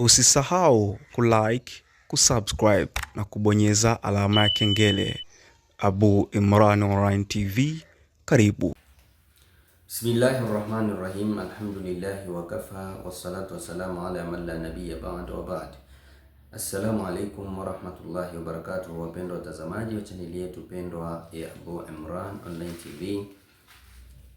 Usisahau kulike, kusubscribe na kubonyeza alama ya kengele. Abu Imran Online TV, karibu. Bismillahir Rahmanir Rahim, alhamdulillahi wakafa, wassalatu wassalamu ala man la nabiyya ba'd wa ba'd. Assalamu alaikum warahmatullahi wabarakatuh, wapendwa watazamaji wa chaneli yetu pendwa ya Abu Imran Online TV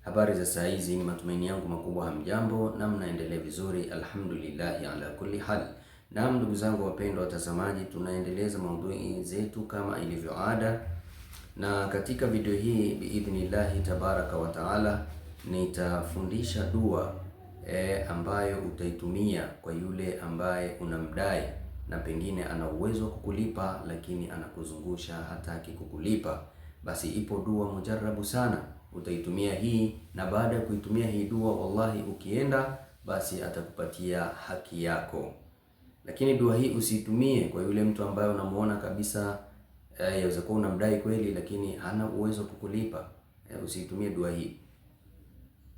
Habari za saa hizi, ni matumaini yangu makubwa hamjambo na mnaendelea vizuri, alhamdulillahi ala kulli hal. Naam, ndugu zangu wapendwa watazamaji, tunaendeleza maudhui zetu kama ilivyo ada, na katika video hii biidhnillahi tabaraka wa taala nitafundisha dua e, ambayo utaitumia kwa yule ambaye unamdai na pengine ana uwezo wa kukulipa lakini anakuzungusha hataki kukulipa. Basi ipo dua mujarabu sana utaitumia hii, na baada ya kuitumia hii dua, wallahi ukienda basi atakupatia haki yako. Lakini dua hii usiitumie kwa yule mtu ambaye unamuona kabisa, eh, yaweza kuwa unamdai kweli, lakini hana uwezo kukulipa. Eh, usitumie dua hii,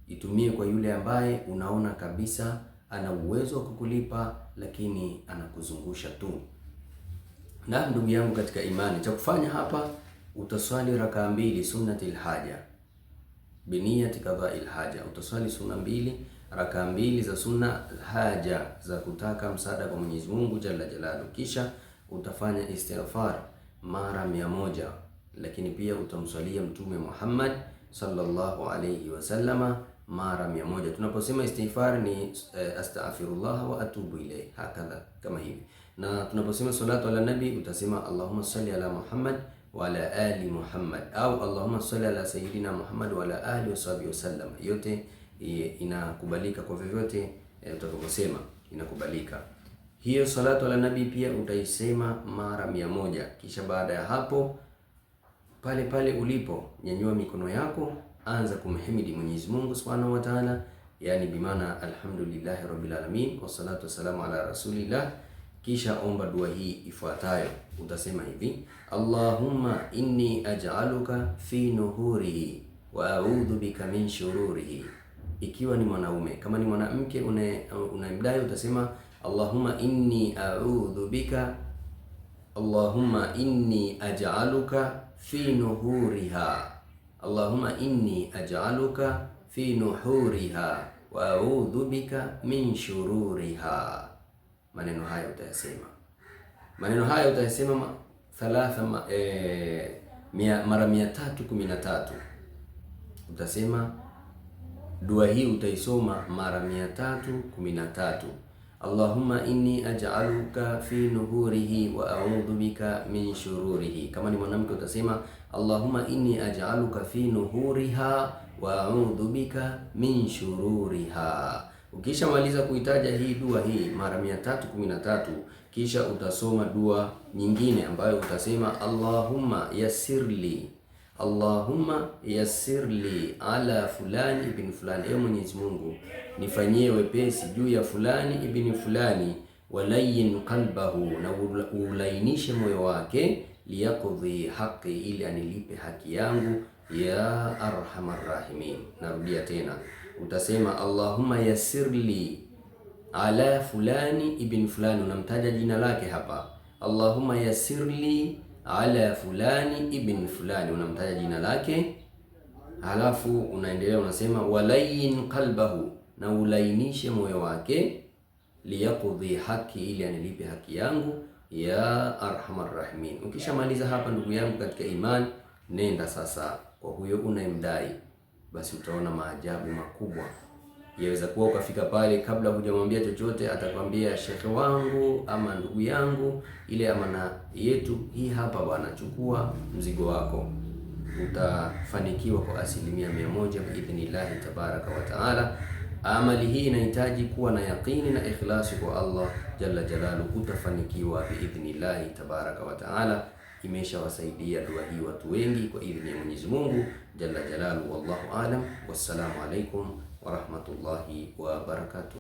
itumie kwa yule ambaye unaona kabisa ana uwezo wa kukulipa, lakini anakuzungusha tu. Na ndugu yangu katika imani, cha kufanya hapa utaswali rakaa mbili sunnatil haja biniyati kadha ilhaja, utaswali sunna mbili, rakaa mbili za sunna, haja za kutaka msaada kwa Mwenyezi Mungu jalla jalalu, kisha utafanya istighfar mara mia moja, lakini pia utamswalia Mtume Muhammad sallallahu alayhi wasallama mara mia moja. Tunaposema istighfar ni e, astaghfirullah wa atubu ilayh, hakadha kama hivi. Na tunaposema salatu ala nabi utasema allahumma salli ala Muhammad wala ali Muhammad au Allahumma salli ala sayidina Muhammad wala ali wasahbihi wasallam. Yote eh, inakubalika kwa vyovyote eh, utakavyosema, inakubalika hiyo. Salatu ala nabi pia utaisema mara mia moja. Kisha baada ya hapo, pale pale ulipo, nyanyua mikono yako, anza kumhimidi Mwenyezi Mungu subhanahu wa taala, yani bimaana alhamdulillahi rabbil alamin wassalatu wassalamu ala rasulillah kisha omba dua hii ifuatayo, utasema hivi: Allahumma inni aj'aluka fi nuhurihi wa a'udhu bika min shururihi, ikiwa ni mwanaume. Kama ni mwanamke unayemdai una utasema Allahumma inni a'udhu bika, Allahumma inni aj'aluka fi nuhuriha, Allahumma inni aj'aluka fi nuhuriha wa a'udhu bika min shururiha maneno haya utayasema, maneno haya utayasema ma, thalatha ma, e, mia, mara mia tatu kumi na tatu utasema dua hii utaisoma mara mia tatu kumi na tatu Allahumma inni aj'aluka fi nuhurihi wa a'udhu bika min shururihi. Kama ni mwanamke utasema Allahumma inni aj'aluka fi nuhuriha wa a'udhu bika min shururiha. Ukishamaliza kuitaja hii dua hii mara 313 kisha utasoma dua nyingine ambayo utasema Allahumma yassirli Allahumma yassirli ala fulani ibn fulani, ewe Mwenyezi Mungu nifanyie wepesi juu ya fulani ibn fulani, walayin qalbahu, na ulainishe moyo wake, liyaqdhi haqi, ili anilipe haki yangu, ya arhamar rahimin. Narudia tena utasema Allahumma yasirli ala fulani ibn fulani, unamtaja jina lake hapa. Allahumma yasirli ala fulani ibn fulani, unamtaja jina lake, halafu unaendelea unasema, walayin qalbahu, na ulainishe moyo wake, liyaqdhi haki, ili anilipe haki yangu ya arhamar rahimin. Ukishamaliza hapa, ndugu yangu katika iman nenda sasa kwa huyo unayemdai basi utaona maajabu makubwa. Yaweza kuwa ukafika pale kabla hujamwambia chochote, atakwambia shekhe wangu ama ndugu yangu, ile amana yetu hii hapa bwana, chukua mzigo wako. Utafanikiwa kwa asilimia mia moja biidhnillahi tabaraka wa taala. Amali hii inahitaji kuwa na yaqini na ikhlasi kwa Allah jalla jalalu. Utafanikiwa biidhnillahi tabaraka wa taala imeshawasaidia dua hii watu wengi kwa idhini ya Mwenyezi Mungu jalla jalalu, wallahu alam. Wassalamu alaikum wa rahmatullahi wa barakatuh.